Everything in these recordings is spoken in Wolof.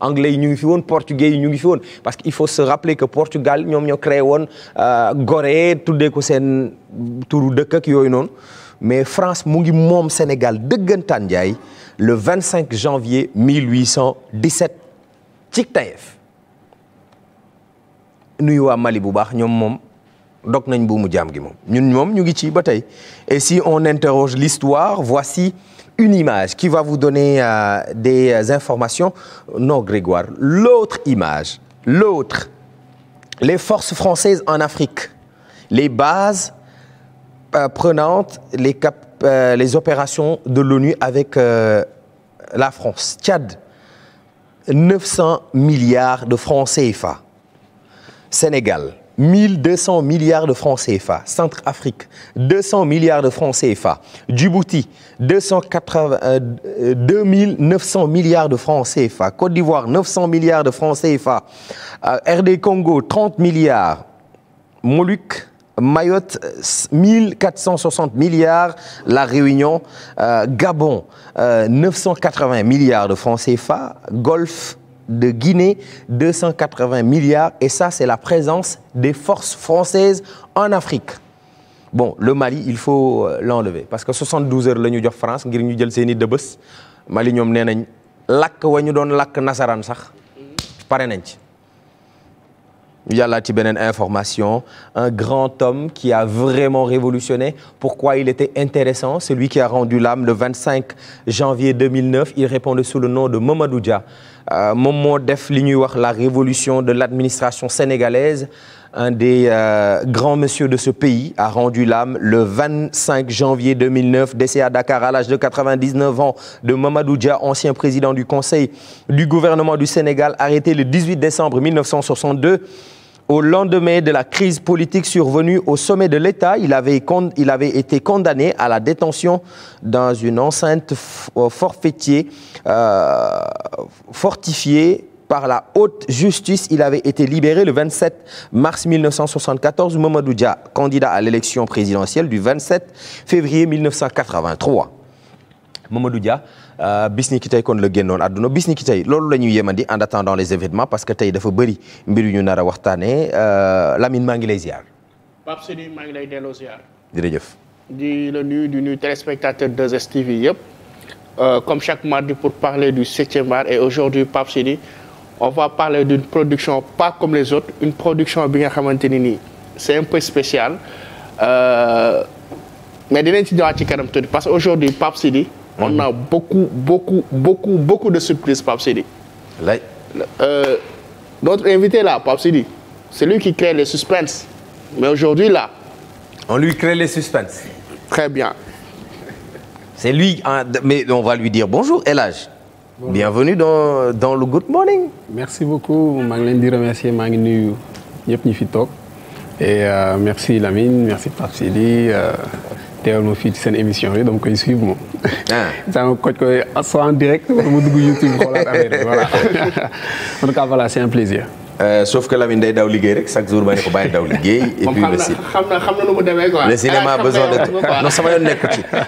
anglais yi ñu ngi fi woon portugais yi ñu ngi fi woon parce que il faut se rappeler que Portugal ñoom ñoo créé woon euh, Gorée tuddee ko seen turu dëkk ak yooyu noonu mais France mu ngi moom Sénégal dëggantaan jaay le 25 janvier 1817 ci Taïf nuyu waa Mali bu baax ñoom moom dog nañ bu mu jaam gi moom ñun moom ñu ngi ci ba tey et si on interroge l'histoire voici une image qui va vous donner euh, des informations. Non, Grégoire, l'autre image, l'autre, les forces françaises en Afrique, les bases euh, prenantes, les, cap euh, les opérations de l'ONU avec euh, la France. Tchad, 900 milliards de francs CFA. Sénégal, 1200 milliards de francs CFA Centrafrique 200 milliards de francs CFA Djibouti 280 euh, 2900 milliards de francs CFA Côte d'Ivoire 900 milliards de francs CFA euh, RD Congo 30 milliards Moluques Mayotte 1460 milliards La Réunion euh, Gabon 980 euh, milliards de francs CFA Golfe de Guinée, 280 milliards. Et ça, c'est la présence des forces françaises en Afrique. Bon, le Mali, il faut euh, l'enlever parce que 72 heures la ñu jox France ngir ñu jël seeni dëbës Mali ñoom nee nañ lakk wa doon lakk nasaraan sax pare nañ ci. ñu ci beneen information un grand homme qui a vraiment révolutionné pourquoi il était intéressant celui qui a rendu l'âme le 25 janvier 2009 il répondait sous le nom de Euh, moom moo def li ñuy wax la révolution de l'administration sénégalaise un des euh, grands messieurs de ce pays a rendu l'âme le 25 janvier 2009 décédé à Dakar à l'âge de 99 ans de Mamadou Dia ancien président du conseil du gouvernement du Sénégal arrêté le 18 décembre 1962 au lendemain de la crise politique survenue au sommet de l'État, il avait, il avait été condamné à la détention dans une enceinte euh, forfaitier, euh, fortifiée par la haute justice. Il avait été libéré le 27 mars 1974, Mamadou Dia, candidat à l'élection présidentielle du 27 février 1983. Mamadou Dia Euh, bis ni ki tey kon la génnoon àdduna bis ni ki tey loolu la ñuy yemandi en attendant les événements parce que tey dafa bari mbir yu ñu nar a waxtaanee euh, Lamine maa ngi lay ziar. Pape Sidi maa ngi lay delloo ziar. jërëjëf. di la nu di nuyu téléspectateur 2STV yëpp euh, comme chaque mardi pour parler du septième art et aujourd'hui Pape Sidi on va parler d'une production pas comme les autres une production bi nga xamante ni nii c'est un peu spécial euh, mais dinañ ci kanam tuuti parce que aujourd'hui Pape Sidi on mmh. a beaucoup beaucoup de surprises Pape Sidi. lay. Euh, notre invité là Pape Sidi c'est lui qui crée les suspens mais aujourd'hui là. on lui crée les suspens. très bien. c'est lui hein, mais on va lui dire bonjour El Hadj. Bon. bienvenue dans le Good Morning. merci beaucoup maa ngi leen di remercier maa ngi nuyu ñëpp ñu fi toog et euh, merci Lamine merci Pape euh, teewal ma fii ci seen émission bi dama koy suivre moom. Ah. sama koj dugg YouTube xoolaat affaire voilà en tout plaisir. Euh, sauf que Lamine day daw liggéey rek chaque jour ma ne ko bàyyi daw liggéey. et puis le cinéma xam na xam na nu mu demee quoi. a besoin de non sama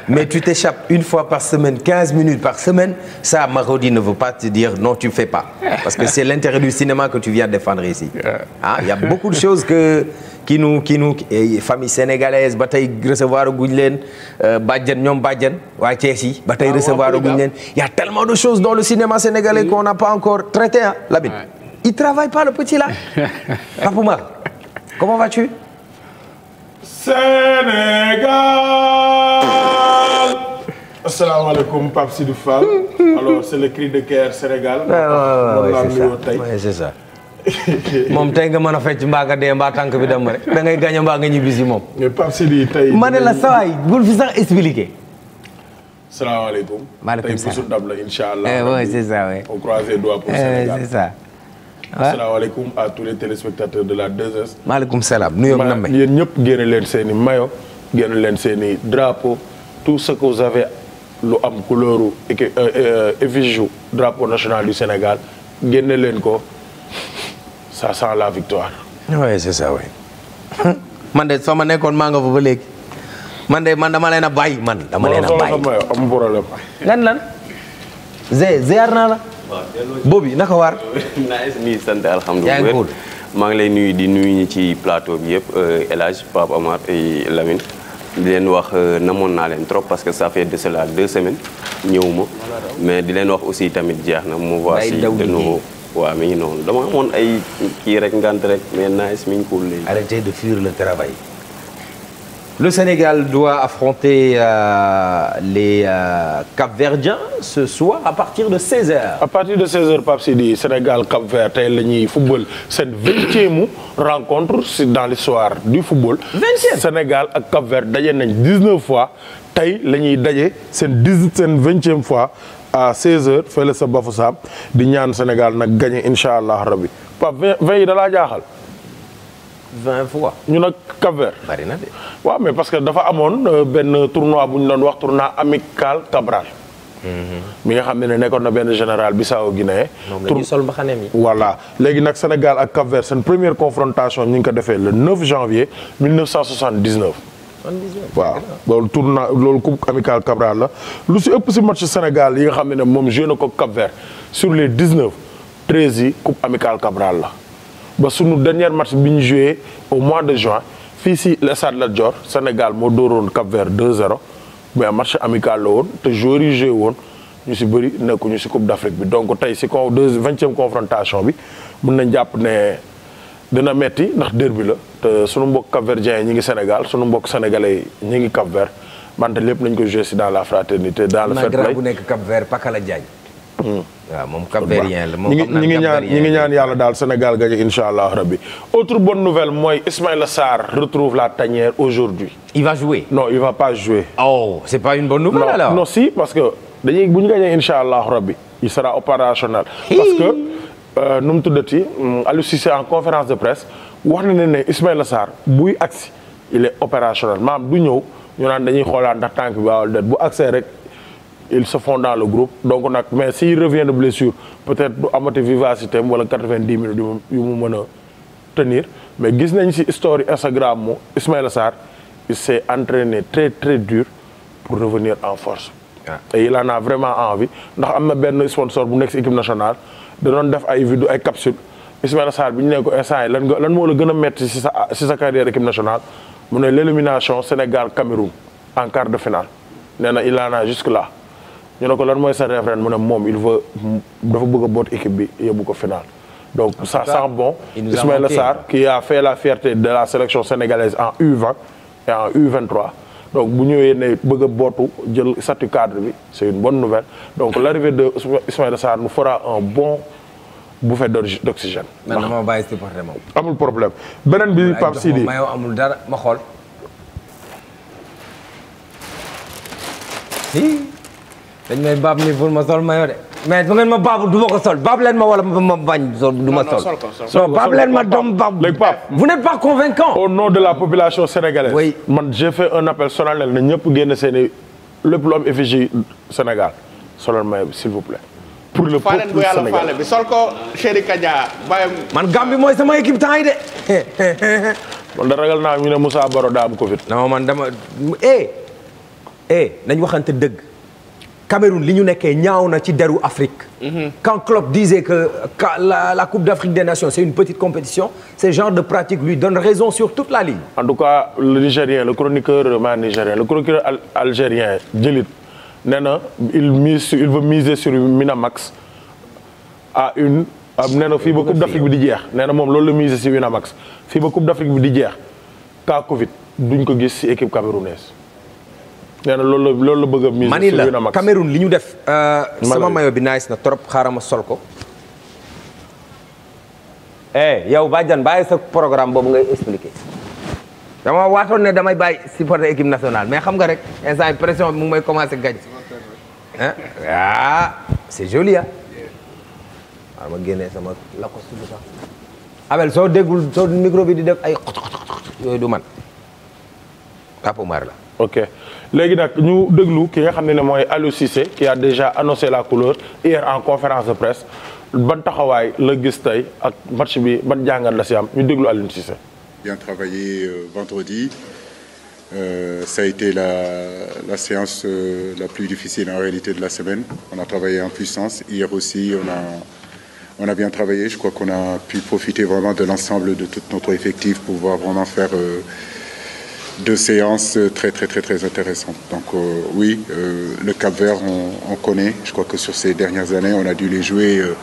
mais tu t'échappes une fois par semaine quinze minutes par semaine ça Marodi ne veut pas te dire non tu fais pas parce que c'est l'intérêt du cinéma que tu viens défendre ici ah, il y a beaucoup de choses que. kii nu kii eh, famille sénégalaise ba tey recevoir guñ leen eh, bàjjen ñoom bàjjen waa Thiès yi ba tey ah, recevoir guñ leen y a tellement de choses dans le cinéma sénégalais qu'on n'a pas encore traité ah Lamine il travaille pas le petit là Papouma comment vas-tu Sénégal alors c'est ah, ça moom tey nga mën a fecc mbaa nga dee mbaa tànk bi dem rek da ngay gañe mbaa nga ñibbisi moom. mais Pape Sidi ma ne la sawaay bul fi sax expliqué. salaamaaleykum. maaleykum salaam tey bésu dab la incha allah. Eh, oui c'est ça oui. on croise les doigts eh, tous les téléspectateurs de la 2S. maaleykum salaam nuyoo na may. yéen ñëpp génne leen seeni i maillot leen seen drapo drapeau tout ce que vous avez lu am couleur u effigie drapeau national du Sénégal génne leen ko. ça sent la c'est ça oui. man de soo ma nekkoon maa nga fa ba léegi man de man dama leen a bàyyi man. dama leen a bàyyi am lan lan. Zé ziar naa la. boobi naka waar. naa est ni sant alhamdulilah. maa ngi lay nuyu di nuyu ñi ci plateau bi yëpp euh, El Hadj Pape Amar et di leen wax euh, namoon naa leen trop parce que ça fait de cela deux semaines ñëwuma mais di leen wax aussi tamit jeex na mu voici de nouveau waaw mi ngi noonu dama amoon ay kii rek ngant rek mais nice mi ngi cool léegi. de fuir le travail. Le Sénégal doit affronter euh, les euh, Cap-Verdiens ce soir à partir de 16h. À partir de 16h Pape Sidi Sénégal Cap-Vert tey la ñuy football seen vingtième rencontre si dans l'histoire du football. Sénégal ak Cap-Vert daje nañ 19 fois tey la ñuy daje seen dix seen vingtième fois. à 16h fële sa Bafoussam di ñaan Sénégal nag gagné incha allah rabi Pape vingt vingt yi dalaa jaaxal. vingt fois. ñu nag Cap Vert. bari na de. waaw mais parce que dafa amoon euh, benn tournoi bu ñu doon wax tournoi amical Cabral. Mhm. mi nga xam ne ne nekkoon na benn général Bissau Guinée. moom la ñuy sol mbaxaneem yi. voilà léegi nag Sénégal ak Cap Vert seen première confrontation ñu ngi ko defee le 9 janvier 1979. waaw loolu tournoi loolu coupe amical Cabral la lu si ëpp si match Sénégal yi nga xam ne moom joué na ko Cap Vert sur les 19 13 yi coupe amical Cabral la ba sunu dernier match bi ñu joué au mois de juin fii si le Stade Lat Sénégal moo dooroon Cap Vert 2 mais match amical la woon te joueurs yi woon ñu si bëri nekkuñu si coupe d' bi donc tey si kaw deux vingtième confrontation bi mun nañ jàpp ne. dina metti ndax derby la te sunu mbokk Cap-Verdien yi ñu ngi Sénégal sunu mbokk sénégalais yi ñu ngi Cap-Vert mante lépp nañ ko joué dans la fraternité dans le fair play bu nekk Cap-Vert Pakala Diagne hmm. la moom xam ngi ñaan ñi yàlla daal Sénégal gañe insha allah rabbi autre bonne nouvelle mooy Ismaïla Sarr retrouve la tanière aujourd'hui il va jouer non il va pas jouer oh c'est pas une bonne nouvelle alors non si parce que dañuy bu ñu gañee insha allah rabbi il sera opérationnel Euh, nu mu tuddati mm, Aliou Cissé en conférence de presse wax na ne ne Ismaïla Sarr buy agsi il est opérationnel maam du ñëw ñu naan dañuy xoolaat ndax tànk bi waaw déet bu accès rek ils se font dans le groupe donc nag mais si revient de blessure peut-être du amati vivacité wala quatre-vingt-dix minutes yu mu mën a tenir mais gis nañ ci story Instagram mu Ismaïla Sarr il s'est entraîné très très dure pour revenir en force. Ah. et il en a vraiment envie ndax am na benn sponsor bu nekk ci équipe nationale. danoon def ay vidéo ay capsule Ismaïla bi ñu ne ko instant lan lan moo la gën a metti si sa si sa carrière équipe nationale mu ne l'élimination Sénégal Cameroun en quart de finale nee na il a jusque là ñu ne ko lan mooy sa rêve ren mu ne moom il veut dafa bëgg boot équipe bi yóbbu ko finale donc sa san bon Ismaïla Sarr qui ki fait la fierté de la sélection sénégalaise en U20 et en donc bu ñëwee ne bëgg bootu jël statut cadre bi c'est une bonne nouvelle donc l'arrivée de Ismaïla Sarr nous fera un bon bouffée d'oxygène. bàyyi moom. amul problème beneen bi Pape Sidi ma amul dara ma xool. dañ may baab ni bul ma sol mayo de mais bu ngeen ma baab du ma ko sol baab leen ma wala ma bañ sol du ma sol non baab leen ma doom baab léegi Pape vous n'êtes pas convaincant au nom de la population sénégalaise oui man j'ai fait un appel solennel na ñëpp génn seen i lépp lu am effigie Sénégal solal mayo bi s'il vous plaît pour le peuple sénégalais faale bu yàlla faale bi sol ko Chéri Kadia bayam man Gambie mooy sama équipe temps yi de man da ragal naa ñu ne Moussa Baro daa am Covid non man dama eh eh nañ waxante dëgg Cameroun li ñu nekkee ñaaw na ci deru Afrique. Mhm. quand Klopp disait que la la Coupe d'Afrique des Nations c'est une petite compétition ce genre de pratique lui donne raison sur toute la ligne. en tout cas le chroniqueur maa Nigérien le chroniqueur euh, algérien Djelit nee na il mise il veut miser sur Winamax à une. Ah, nee na fii ba Coupe d'Afrique bi jeex nee na moom loolu la miser si Winamax fii ba Coupe d'Afrique bi di jeex cas Covid duñ ko gis si équipe camerounaise. nee na loolu la loolu la bëgg a mise mani la Cameroun li ñu def. Euh, sama mayo bi nice na trop xaaral ma sol ko. eh yow Badiane bàyyi sa programme boobu ngay expliqué. dama waatoon ne damay bàyyi supporter équipe nationale mais xam nga rek instant yi pression bi mu ngi may commencé gañ. ah c'est joli ah. waaw ma génnee sama lacoste bi sax. Abel soo déggul soo micro di def ay yooyu du man Papa Umar la. ok léegi nag ñu déglu ki nga xam ne ne mooy Aliou Cissé qui a déjà annoncé la couleur hier en conférence de presse ban taxawaay la gis tey ak match bi ban jàngat la si am ñu déglu Aliou Cissé. bien travaillé euh, vendredi euh, ça a été la la séance euh, la plus difficile en réalité de la semaine on a travaillé en puissance hier aussi on a on a bien travaillé je crois qu'on a profiter de l'ensemble de tout notre effectif pouvoir vraiment faire. Euh, deux séances euh, très très très très intéressantes. Donc euh, oui, euh, le Cap Vert, on, on, connaît. Je crois que sur ces dernières années, on a dû les jouer euh,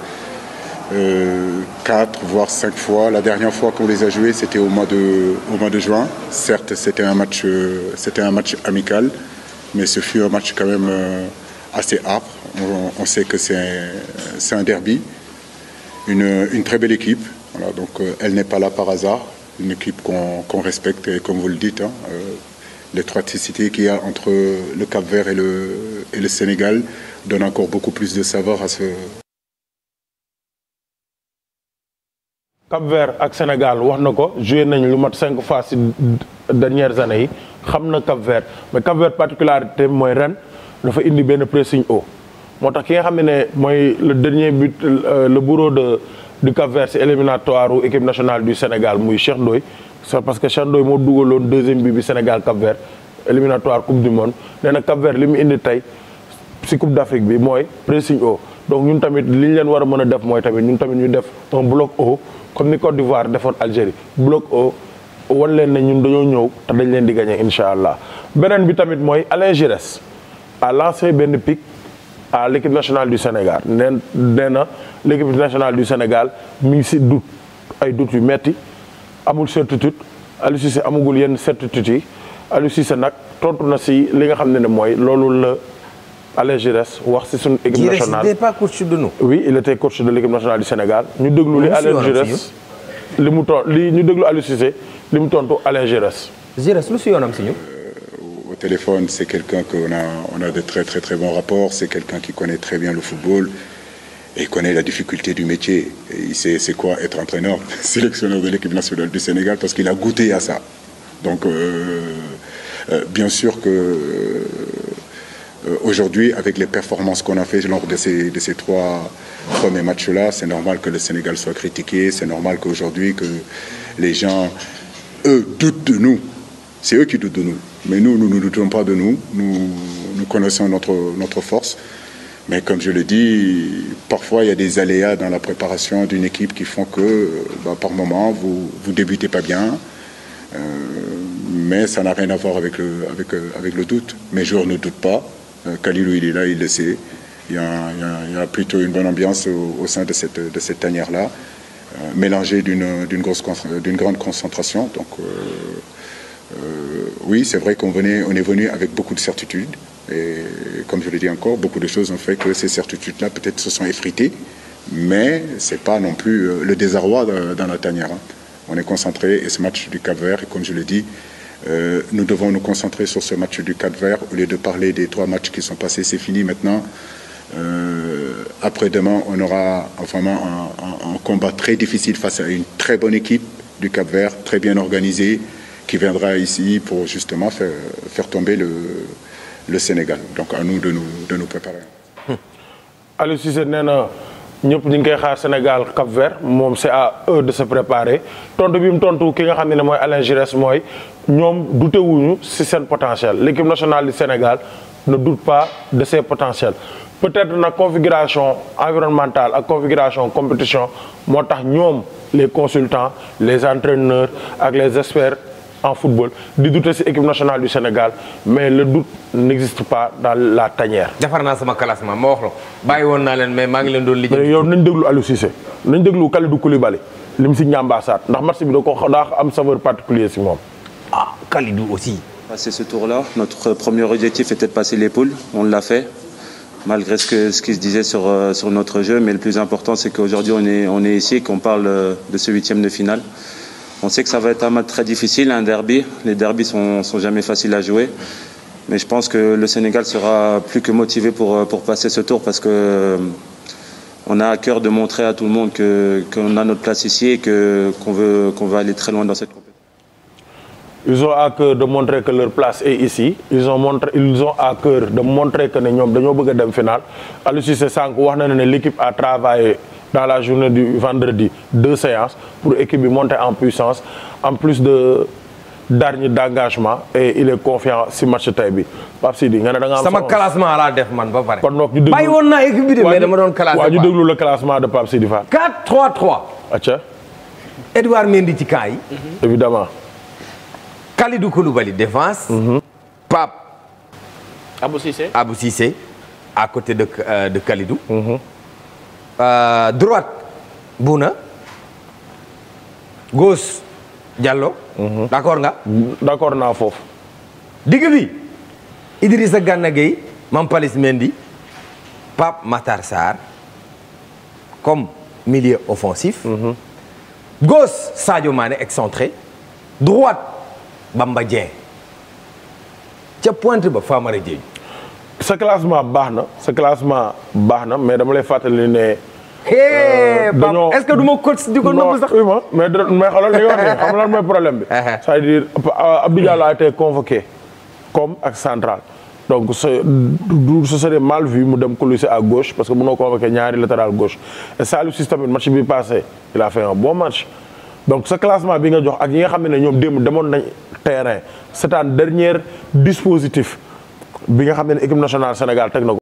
euh quatre, voire cinq fois. La dernière fois qu'on les a joués, c'était au mois de, au mois de juin. Certes, c'était un match, euh, c'était un match amical, mais ce fut un match quand même assez âpre. On, on sait que c'est, c'est un derby, une, une, très belle équipe. Voilà, donc elle n'est pas là par hasard. une équipe qu'on qu respecte et comme vous le dites, hein, euh, l'étroiticité qu'il y a entre le Cap Vert et le, Sénégal donne encore beaucoup plus de savoir à ce... Cap Vert ak Sénégal wax na ko joué nañ lu mat cinq fois ci dernières années xam na Cap Vert mais Cap Vert particularité mooy ren dafa indi benn pressing haut moo tax ki nga xam ne ne mooy le dernier but euh, le bureau de du Cap Vert si éliminatoire u équipe nationale du Sénégal muy Cheikh Ndoye c'est parce que Cheikh moo moo dugaloon deuxième bi bi Sénégal Cap Vert éliminatoire coupe du monde nee na Cap Vert li mu indi tey si coupe d'Afrique bi mooy pressing o donc ñun tamit li ñu leen war a mën a def mooy tamit ñun tamit ñu def un bloc haut comme ni Côte d'Ivoire defoon Algérie bloc o wan leen ne ñun dañoo ñëw te dañ leen di gagné incha allah beneen bi tamit mooy Alain Giresse a benn pic à l'équipe nationale du Sénégal nee nee na l'équipe nationale du Sénégal mi ngi si doute ay doute yu metti amul certitude Aliou Cissé amagul yenn certitude yi Aliou Cissé nag tontu na si li nga xam ne ne mooy loolu la Alain wax si suñu équipe nationale Giresse n'était pas coach de nous. oui il était coach de du Sénégal ñu déglu li Alain Giresse li mu ton li ñu déglu Aliou li mu tontu Alain Giresse Giresse lu si yoonam si ñu téléphone, c'est quelqu'un qu'on a, on a de très très très bons rapports, c'est quelqu'un qui connaît très bien le football et connaît la difficulté du métier. Et c'est quoi être entraîneur, sélectionneur de l'équipe nationale du Sénégal parce qu'il a goûté à ça. Donc euh, euh, bien sûr euh, avec les performances qu'on a fait lors de ces, trois premiers matchs-là, c'est normal que le Sénégal soit critiqué, c'est normal qu'aujourd'hui que les gens, eux, de nous. C'est eux qui doutent de nous. Mais nous, nous ne doutons pas de nous. Nous, nous connaissons notre, notre force. Mais comme je le dis, parfois il y a des aléas dans la préparation d'une équipe qui font que euh, bah, par moment vous vous débutez pas bien. Euh, mais ça n'a rien à voir avec le, avec, euh, avec le doute. Mes joueurs ne doutent pas. Euh, Khalilou, il est là, il le sait. Il y a, il y a, il y a plutôt une bonne ambiance au, au, sein de cette, de cette tanière-là, euh, mélangée d'une grosse, d'une grande concentration. Donc euh, Euh, oui, c'est vrai qu'on venait, on est venu avec beaucoup de certitudes. Et comme je le dis encore, beaucoup de choses ont fait que ces certitudes-là peut-être se sont effritées. Mais ce n'est pas non plus euh, le désarroi dans la tanière. On est concentré et ce match du Cap Vert, et comme je le dis, euh, nous devons nous concentrer sur ce match du Cap Vert au lieu de parler des trois matchs qui sont passés. C'est fini maintenant. Euh, Après-demain, on aura vraiment un, un, un combat très difficile face à une très bonne équipe du Cap Vert, très bien organisée, qui viendra ici pour justement faire, faire tomber le, Sénégal donc à nous de nous préparer. Hmm. Aliou Cissé nee na ñëpp ñu ngi koy xaar Sénégal Cap Vert moom c'est à eux de se préparer tontu bi mu tontu ki nga xam ne mooy Alain Giresse mooy ñoom douté wuñu ci seen potentiel l'équipe nationale du Sénégal ne doute pas de ses potentiels. peut-être na configuration environnementale ak configuration compétition moo tax ñoom les consultants les entraîneurs ak les experts. en football di douter ci équipe nationale du Sénégal mais le doute n'existe pas dans la tanière. defar naa sama classement ma wax la bàyyi woon naa leen mais maa ngi leen doon liggéey. mais yow nañ déglu Aliou Cissé nañ déglu Kalidou Koulibaly lim ci ñambaasaat ndax match bi da ko am saveur particulier ci moom. ah Kalidou aussi. passer ce tour-là notre premier objectif était passer les poules on l'a fait. malgré ce que ce qui se disait sur euh, sur notre jeu mais le plus important c'est qu'aujourd'hui On sait que ça va être difficile, un derby. Les derbys jamais faciles à jouer. Mais je pense que le Sénégal sera plus que motivé pour, euh, pour passer ce tour parce que euh, on a à cœur de montrer à tout le monde qu'on que a notre place ici et qu'on qu veut, aller très loin dans cette compétition. Ils ont à cœur de montrer que leur place est ici. Ils ont, à cœur de montrer que nous sommes en finale. Alors, si c'est ça, l'équipe a travaillé. dans la journée du vendredi deux séances pour équipe bi monter en puissance en plus de darñi d'engagement et il est confiant si match tey bi Pape Sidi ne da nga am sama classement laa def man ba pare kon no ñu déglu bàyyi de mais dama doon classé waaw ñu déglu le classement de Pape Sidi Fall 4 3 3 ci cas mhm. évidemment Kalidou Koulibaly défense mhm. Pape Abou Cissé Abou Cissé à côté de euh, de Kalidou mhm. Euh, droite Bouna gauche Diallo. Mhm. d' accord nga. d' naa foofu. digg bi Idrissa Gana Gueye Mampalys Mendy Pape Matar Sarr comme milieu offensif. Mm -hmm. excentré droite Bamba Dieng ca pointe ba Famara Diédhiou. sa classement baax na sa classement baax na mais dama lay fàttali ne. Euh, dañoo est-ce mais mais xoolal li nga xam nga lan mooy problème bi. Uh-huh. c'est-à-dire euh, Abdou Diallo a été convoqué comme ak central. donc ce du ce serait mal mu dem coulisser ak gauche parce que mënoo convoqué ñaari latéral gauche et Saliou Ciss match bi passé il a fait un bon match. donc sa classement bi nga jox ak yi nga xam ne ñoom démb demoon nañ terrain c'est un dernier dispositif. bi nga xam ne équipe nationale Sénégal teg na ko